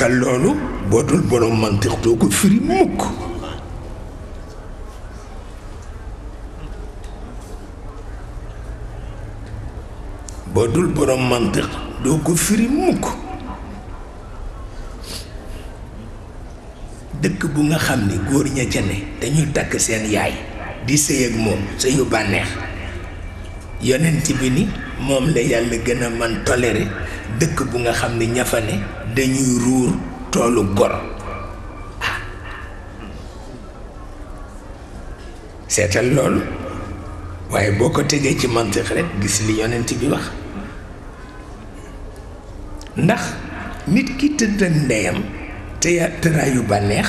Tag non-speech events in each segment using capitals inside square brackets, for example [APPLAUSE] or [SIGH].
te loolu boo borom mantiq doo ko firi mukk dëkk bu nga xam ni góor ña ca ne dañuy takk seen yaay di sëy ak moom sëyu bànneex yonent bi ni moom la yàlla gën a man toléré dëkk bu nga xam ne ña dañuy ruur toolu gor seetal loolu waaye boo ko tegee ci mantiq rek gis li yonent bi wax ndax nit ki tëdd ndeyam te tëraayu bànneex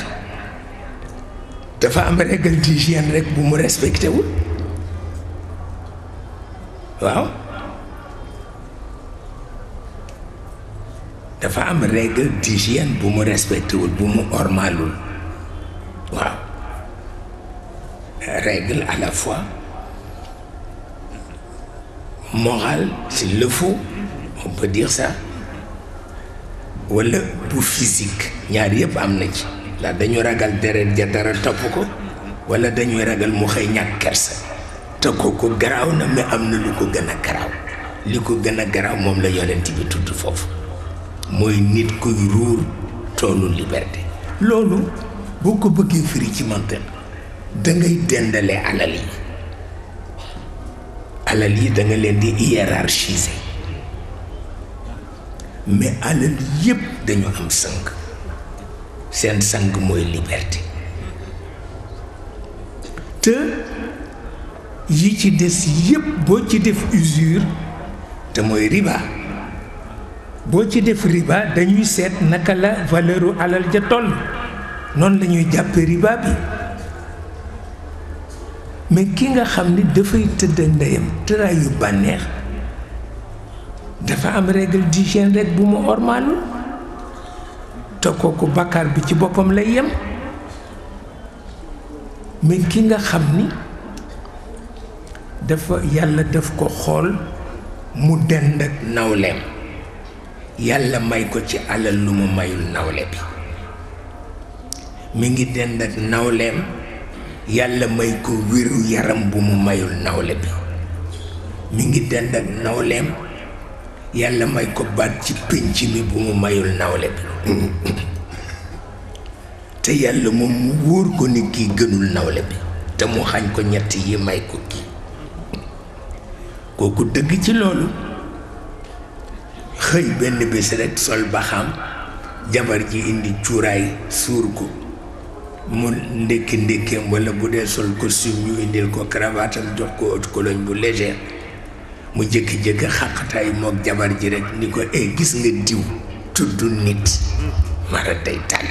dafa am régal d'hygiène rek bu mu respecté wul waaw dafa am règle d'hygiène bu mu respectéwul bu mu ormalul waaw règle à la fois morale s'il le faut on peut dire bu physique ñaar yëpp am na ci la dañu ragal deret ja dara topp ko wala dañuy ragal mu xëy ñàkk kersa te ko garaaw na mais am na lu ko gën a garaaw li ko gën a garaaw moom la yonent bi tudd foofu mooy nit kuy ruur toolu liberté loolu boo ko bëggee firi ci mantan dangay dendale alal yi alal yi danga leen di hiérarchiser mais alal yépp dañu am sang seen sang mooy liberté te yi ci des yépp boo ci def usure te mooy riba boo ci def riba dañuy seet naka la valeuru alal ja toll noonu lañuy ñuy jàppe bi mais ki nga xam ni dafay tëdd ndeyam tëraay bànneex dafa am règle d'hygiène rek bu mu ormaalul te kooku bàkkaar bi ci boppam lay yem mais ki nga xam ni dafa yàlla daf ko xool mu dend ak nawleem yàlla may ko ci alal lu mu mayul nawle bi mi ngi dend ak nawleem yàlla may ko wéru yaram bu mu mayul nawle bi mi ngi dend ak nawleem yàlla may ko baat ci pinc mi bu mu mayul nawle bi [COUGHS] te yàlla moom mu wóor ko ni kii gënul nawle bi te mu xañ ko ñett yi may ko kii kooku dëgg ci loolu xëy benn bés rekk sol baxam jabar ji indi cuuraay suur ko mu ndékki ndékkeem walla bu dee sol costume ñu indil ko cravate jox ko haute cologne bu légère mu jékki-jékki xàqataay mook jabar ji rekk ni ko e gis nga diw tudd nit mara day tànn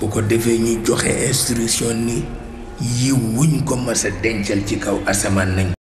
bu ko defee ñu joxe instruction ni yiw wuñ ko mas dencal ci kaw asamaan nañ